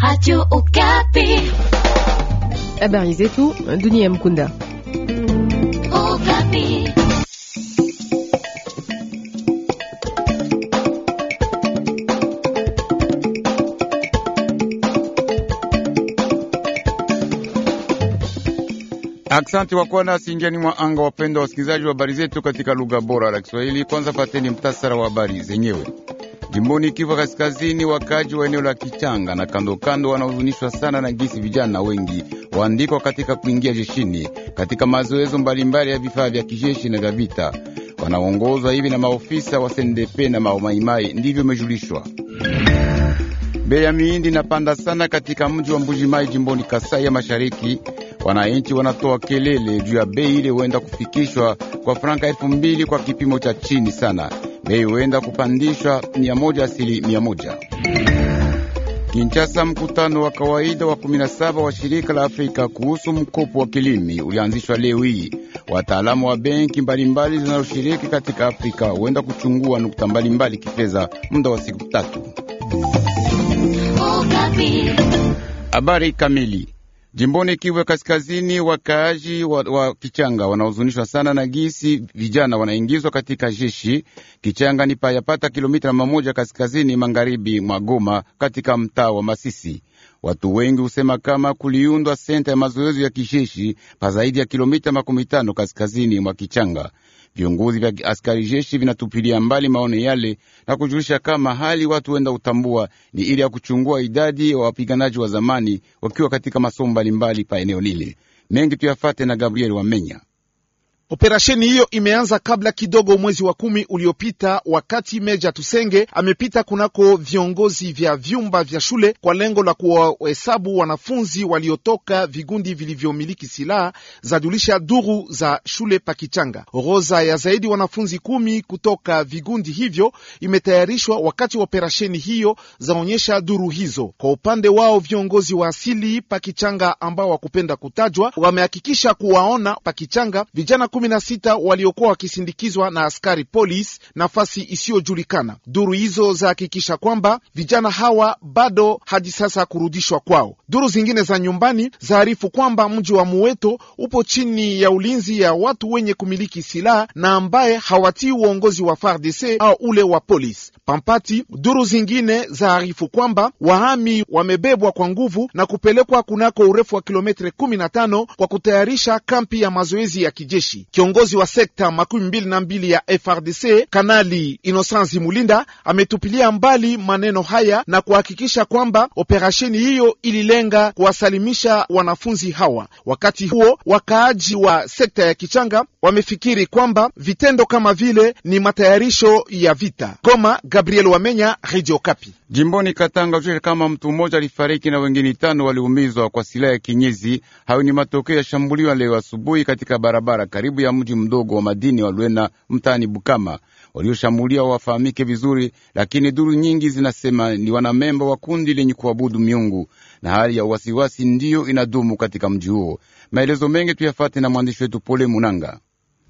Radio Okapi. Habari zetu dunia mkunda. Okapi. Aksanti kwa kuwa nasi njiani mwa anga, wapenda wasikilizaji wa habari zetu katika lugha bora la Kiswahili. Kwanza pateni mtasara wa habari zenyewe. Jimboni Kivu Kaskazini, wakaji wa eneo la Kichanga na kandokando wanahuzunishwa sana na gisi vijana wengi waandikwa katika kuingia jeshini katika mazoezo mbalimbali ya vifaa vya kijeshi na vya vita, wanaongozwa hivi na maofisa wa sendepe na maomaimai, ndivyo imejulishwa. Bei ya miindi inapanda sana katika mji wa Mbujimai jimboni Kasai ya Mashariki. Wananchi wanatoa kelele juu ya bei ile huenda kufikishwa kwa franka elfu mbili kwa kipimo cha chini sana bei huenda kupandishwa mia moja asili mia moja. Kinshasa, mkutano wa kawaida wa 17 wa shirika la Afrika kuhusu mkopo wa kilimi ulianzishwa leo hii. Wataalamu wa benki mbalimbali zinazoshiriki katika Afrika huenda kuchungua nukta mbalimbali kifedha muda wa siku tatu. Oh, Habari kamili Jimboni Kivu Kaskazini, wakaaji wa, wa Kichanga wanahuzunishwa sana na gisi vijana wanaingizwa katika jeshi. Kichanga ni payapata kilomita mamoja kaskazini magharibi mwa Goma, katika mtaa wa Masisi. Watu wengi husema kama kuliundwa senta ya mazoezi ya kijeshi pa zaidi ya kilomita makumi tano kaskazini mwa Kichanga. Viongozi vya askari jeshi vinatupilia mbali maone yale na kujulisha kama hali watu wenda utambua ni ile ya kuchungua idadi ya wapiganaji wa zamani wakiwa katika masomo mbalimbali pa eneo lile. Mengi tuyafate na Gabriel Wamenya. Operasheni hiyo imeanza kabla kidogo mwezi wa kumi uliopita, wakati Meja Tusenge amepita kunako viongozi vya vyumba vya shule kwa lengo la kuwahesabu wanafunzi waliotoka vigundi vilivyomiliki silaha, julisha duru za shule Pakichanga. Orodha ya zaidi wanafunzi kumi kutoka vigundi hivyo imetayarishwa wakati wa operasheni hiyo, zaonyesha duru hizo. Kwa upande wao viongozi wa asili Pakichanga ambao wakupenda kutajwa wamehakikisha kuwaona Pakichanga vijana kumi na sita waliokuwa wakisindikizwa na askari polis nafasi isiyojulikana. Duru hizo zahakikisha kwamba vijana hawa bado hadi sasa kurudishwa kwao. Duru zingine za nyumbani zaarifu kwamba mji wa Muweto upo chini ya ulinzi ya watu wenye kumiliki silaha na ambaye hawatii uongozi wa FARDC au ule wa polis Pampati, duru zingine zaarifu kwamba wahami wamebebwa kwa nguvu na kupelekwa kunako urefu wa kilometre 15 kwa kutayarisha kampi ya mazoezi ya kijeshi. Kiongozi wa sekta makumi mbili na mbili ya FRDC Kanali Inosansi Mulinda ametupilia mbali maneno haya na kuhakikisha kwamba operasheni hiyo ililenga kuwasalimisha wanafunzi hawa. Wakati huo wakaaji wa sekta ya Kichanga wamefikiri kwamba vitendo kama vile ni matayarisho ya vita. Goma, Gabriel Wamenya, Radio Kapi. Jimboni Katanga tushele kama mtu mmoja alifariki na wengine tano waliumizwa kwa silaha ya kinyezi. Hayo ni matokeo ya shambulio leo asubuhi katika barabara karibu sababu ya mji mdogo wa madini wa Lwena mtaani Bukama. Walioshambulia wafahamike vizuri, lakini duru nyingi zinasema ni wanamemba wa kundi lenye kuabudu miungu, na hali ya wasiwasi ndiyo inadumu katika mji huo. Maelezo mengi tuyafate na mwandishi wetu Pole Munanga.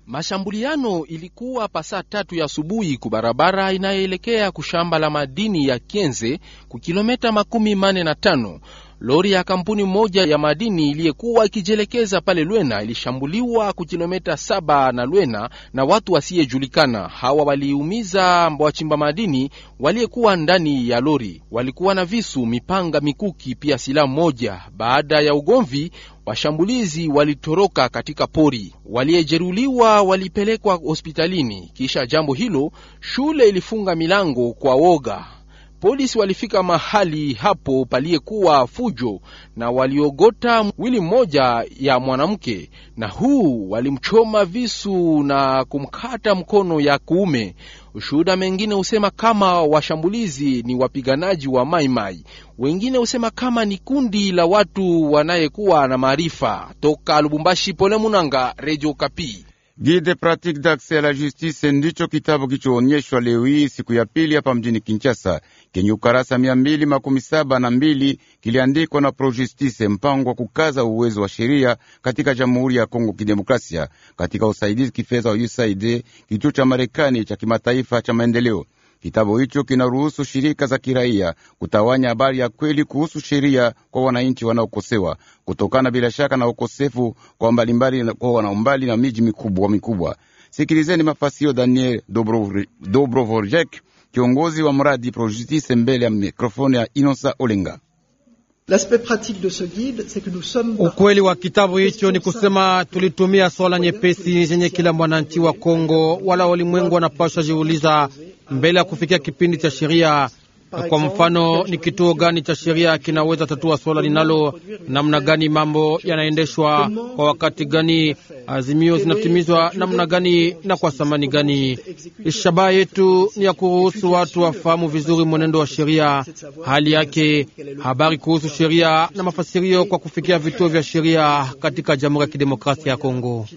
Mashambuliano ilikuwa pasaa tatu ya asubuhi barabara inayoelekea kushamba la madini ya Kienze kukilometa makumi mane na tano Lori ya kampuni moja ya madini iliyekuwa ikijielekeza pale Lwena ilishambuliwa kukilometa saba na Lwena na watu wasiyejulikana. Hawa waliumiza wachimba madini waliyekuwa ndani ya lori, walikuwa na visu, mipanga, mikuki pia silaha moja. Baada ya ugomvi washambulizi walitoroka katika pori. Waliyejeruliwa walipelekwa hospitalini. Kisha jambo hilo, shule ilifunga milango kwa woga. Polisi walifika mahali hapo paliyekuwa fujo na waliogota mwili mmoja ya mwanamke, na huu walimchoma visu na kumkata mkono ya kuume. Ushuhuda mengine husema kama washambulizi ni wapiganaji wa Maimai mai. Wengine husema kama ni kundi la watu wanayekuwa na maarifa. Toka Lubumbashi, Pole Munanga, Redio Kapi. Guide pratique d'accès à la justice ndicho kitabu kichoonyeshwa leo hii siku ya pili hapa mjini Kinshasa, kenye ukarasa mia mbili makumi saba na mbili kiliandikwa na Projustice, mpango wa kukaza uwezo wa sheria katika Jamhuri ya Kongo Kidemokrasia katika usaidizi kifedha wa USAID, kituo cha Marekani cha kimataifa cha maendeleo. Kitabu hicho kinaruhusu shirika za kiraia kutawanya habari ya kweli kuhusu sheria kwa wananchi wanaokosewa kutokana bila shaka na ukosefu kwa mbalimbali kwa wanaumbali na miji mikubwa mikubwa. Sikilizeni mafasio Daniel Dobrovorjek, kiongozi wa mradi projustice mbele ya mikrofoni ya Inosa Olenga. Ukweli wa kitabu hicho ni kusema tulitumia swala nyepesi zenye kila mwananchi wa Kongo wala walimwengu wanapaswa jiuliza mbele ya kufikia kipindi cha sheria. Kwa mfano, ni kituo gani cha sheria kinaweza tatua swala linalo namna gani mambo yanaendeshwa kwa wakati gani, azimio zinatimizwa namna gani na kwa thamani gani. Shabaha yetu ni ya kuruhusu watu wafahamu vizuri mwenendo wa sheria, hali yake, habari kuhusu sheria na mafasirio kwa kufikia vituo vya sheria katika Jamhuri ya Kidemokrasia ya Kongo.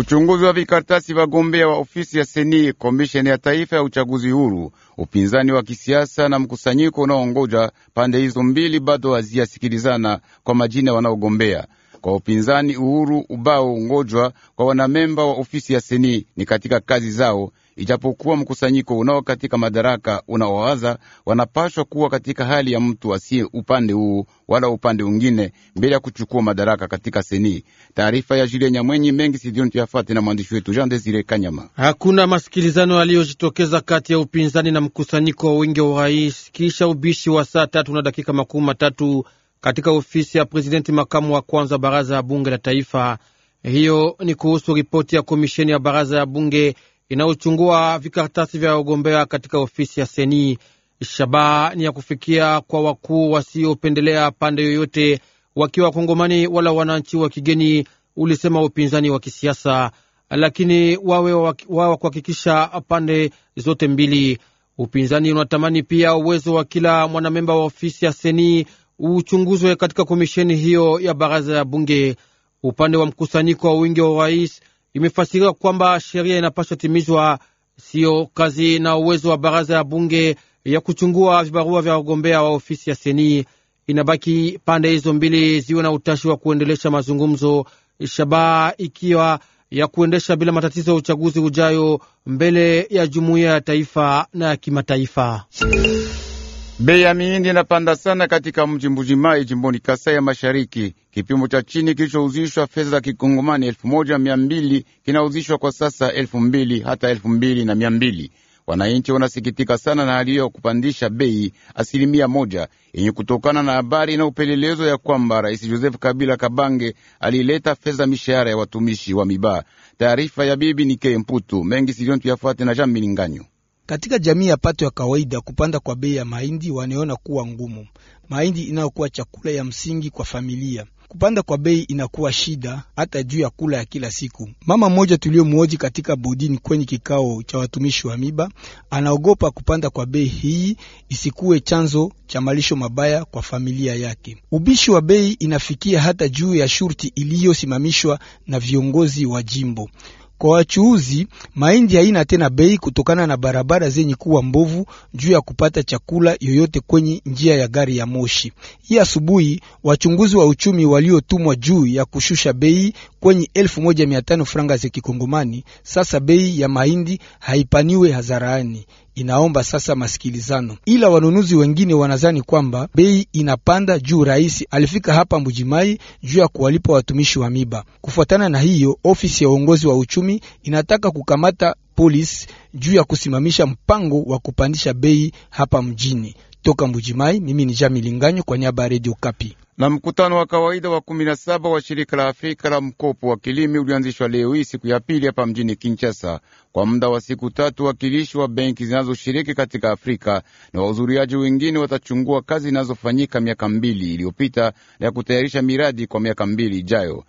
Uchunguzi wa vikaratasi wagombea wa ofisi ya seni komisheni ya taifa ya uchaguzi huru, upinzani wa kisiasa na mkusanyiko unaoongoja pande hizo mbili bado haziyasikilizana kwa majina wanaogombea kwa upinzani. Uhuru ubao ungojwa kwa wanamemba wa ofisi ya seni ni katika kazi zao Ijapokuwa mkusanyiko unao katika madaraka unaowaza wanapashwa kuwa katika hali ya mtu asiye upande huu wala upande ungine mbele ya kuchukua madaraka katika seni. Taarifa ya Julien Nyamwenyi mengi Sidioni tuyafate na mwandishi wetu Jean Desire Kanyama. Hakuna masikilizano yaliyojitokeza kati ya upinzani na mkusanyiko wa wingi wa urais kisha ubishi wa saa tatu na dakika makumi matatu katika ofisi ya presidenti makamu wa kwanza baraza ya bunge la taifa. Hiyo ni kuhusu ripoti ya komisheni ya baraza ya bunge inayochungua vikaratasi vya wagombea katika ofisi ya Seni. Shabaha ni ya kufikia kwa wakuu wasiopendelea pande yoyote, wakiwa wakongomani wala wananchi wa kigeni, ulisema upinzani wa kisiasa, lakini wawe wawa kuhakikisha pande zote mbili. Upinzani unatamani pia uwezo wa kila mwanamemba wa ofisi ya Seni uchunguzwe katika komisheni hiyo ya baraza ya bunge. Upande wa mkusanyiko wa wingi wa urais imefasiriwa kwamba sheria inapaswa timizwa, siyo kazi na uwezo wa baraza ya bunge ya kuchungua vibarua vya wagombea wa ofisi ya seni. Inabaki pande hizo mbili ziwe na utashi wa kuendelesha mazungumzo, shabaha ikiwa ya kuendesha bila matatizo ya uchaguzi ujayo mbele ya jumuiya ya taifa na ya kimataifa. Bei ya mihindi inapanda sana katika mji Mbujimai jimboni Kasai ya Mashariki. Kipimo cha chini kilichouzishwa fedha za kikongomani elfu moja mia mbili kinauzishwa kwa sasa elfu mbili hata elfu mbili na mia mbili. Wananchi wanasikitika sana na hali ya kupandisha bei asilimia moja yenye kutokana na habari na upelelezo ya kwamba Rais Joseph Kabila Kabange alileta fedha mishahara ya watumishi wa mibaa. Taarifa ya bibi Nike Mputu mengi silioni tuyafuate na Jean katika jamii ya pato ya kawaida, kupanda kwa bei ya mahindi wanaona kuwa ngumu. Mahindi inayokuwa chakula ya msingi kwa familia, kupanda kwa bei inakuwa shida hata juu ya kula ya kila siku. Mama mmoja tuliyomwoji katika bodini kwenye kikao cha watumishi wa miba anaogopa kupanda kwa bei hii isikuwe chanzo cha malisho mabaya kwa familia yake. Ubishi wa bei inafikia hata juu ya shurti iliyosimamishwa na viongozi wa jimbo. Kwa wachuuzi, mahindi haina tena bei kutokana na barabara zenye kuwa mbovu juu ya kupata chakula yoyote kwenye njia ya gari ya moshi. Hii asubuhi wachunguzi wa uchumi waliotumwa juu ya kushusha bei kwenye 1500 franga za kikongomani, sasa bei ya mahindi haipaniwe hadharani inaomba sasa masikilizano, ila wanunuzi wengine wanazani kwamba bei inapanda juu rais alifika hapa Mbujimai juu ya kuwalipa watumishi wa miba. Kufuatana na hiyo, ofisi ya uongozi wa uchumi inataka kukamata polisi juu ya kusimamisha mpango wa kupandisha bei hapa mjini. Toka Mbujimai, mimi ni Jami Linganyo kwa niaba ya Redio Kapi. Na mkutano wa kawaida wa kumi na saba wa shirika la Afrika la mkopo wa kilimi ulianzishwa leo hii siku ya pili hapa mjini Kinshasa kwa muda wa siku tatu. Wakilishi wa benki zinazoshiriki katika Afrika na wahudhuriaji wengine watachungua kazi zinazofanyika miaka mbili iliyopita ya kutayarisha miradi kwa miaka mbili ijayo.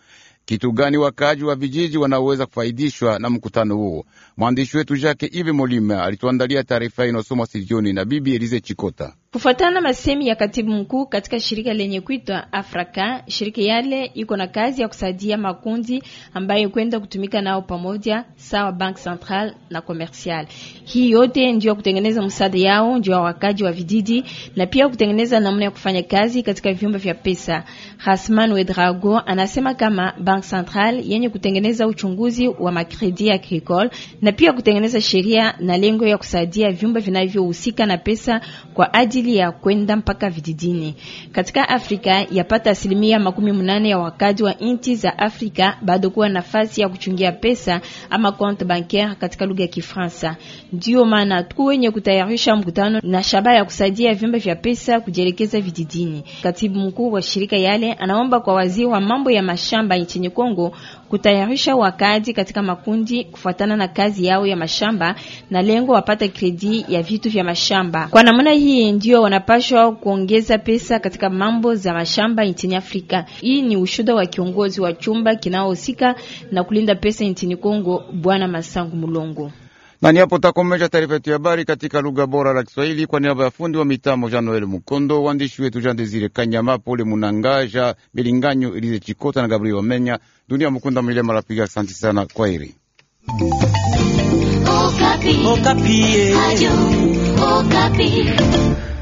Kitu gani wakaaji wa vijiji wanaoweza kufaidishwa na mkutano huo? Mwandishi wetu Jake Ive Molima alituandalia taarifa inayosomwa studioni na Bibi Elize Chikota. Kufuatana na masemi ya katibu mkuu katika shirika lenye kuitwa Afrika, shirika yale iko na kazi ya kusaidia makundi ambayo kwenda kutumika nao pamoja sawa Bank Central na Commercial. Hii yote ndio kutengeneza msaada yao ndio wakaji wa vijiji na pia kutengeneza namna ya kufanya kazi katika vyumba vya pesa. Hasman Wedrago anasema kama Bank Central yenye kutengeneza uchunguzi wa makredi ya agricole na pia kutengeneza sheria na lengo ya kusaidia vyumba vinavyohusika na pesa kwa ajili ajili ya kwenda mpaka vijijini. Katika Afrika yapata asilimia makumi munane ya wakazi wa nchi za Afrika bado kuwa nafasi ya kuchungia pesa ama compte bancaire katika lugha ya Kifaransa. Ndio maana tuko wenye kutayarisha mkutano na shabaha ya kusaidia vyombo vya pesa kujielekeza vijijini. Katibu mkuu wa shirika yale anaomba kwa waziri wa mambo ya mashamba nchini Kongo kutayarisha wakazi katika makundi kufuatana na kazi yao ya mashamba na lengo wapata kredi ya vitu vya mashamba. Kwa namna hii ndio ndio wanapashwa kuongeza pesa katika mambo za mashamba nchini Afrika. Hii ni ushuda wa kiongozi wa chumba kinaohusika na kulinda pesa nchini Kongo, Bwana Masangu Mulongo. Na ni hapo takomesha taarifa yetu ya habari katika lugha bora la Kiswahili kwa niaba ya fundi wa mitambo Jean Noel Mukondo, waandishi wetu Jean Desire Kanyama, Pole Munangaja, Milinganyo Elize Chikota na Gabriel Wamenya. Dunia Mukunda Milema lapiga. Asante sana, kwa heri. Okapi. Okapi. Eh.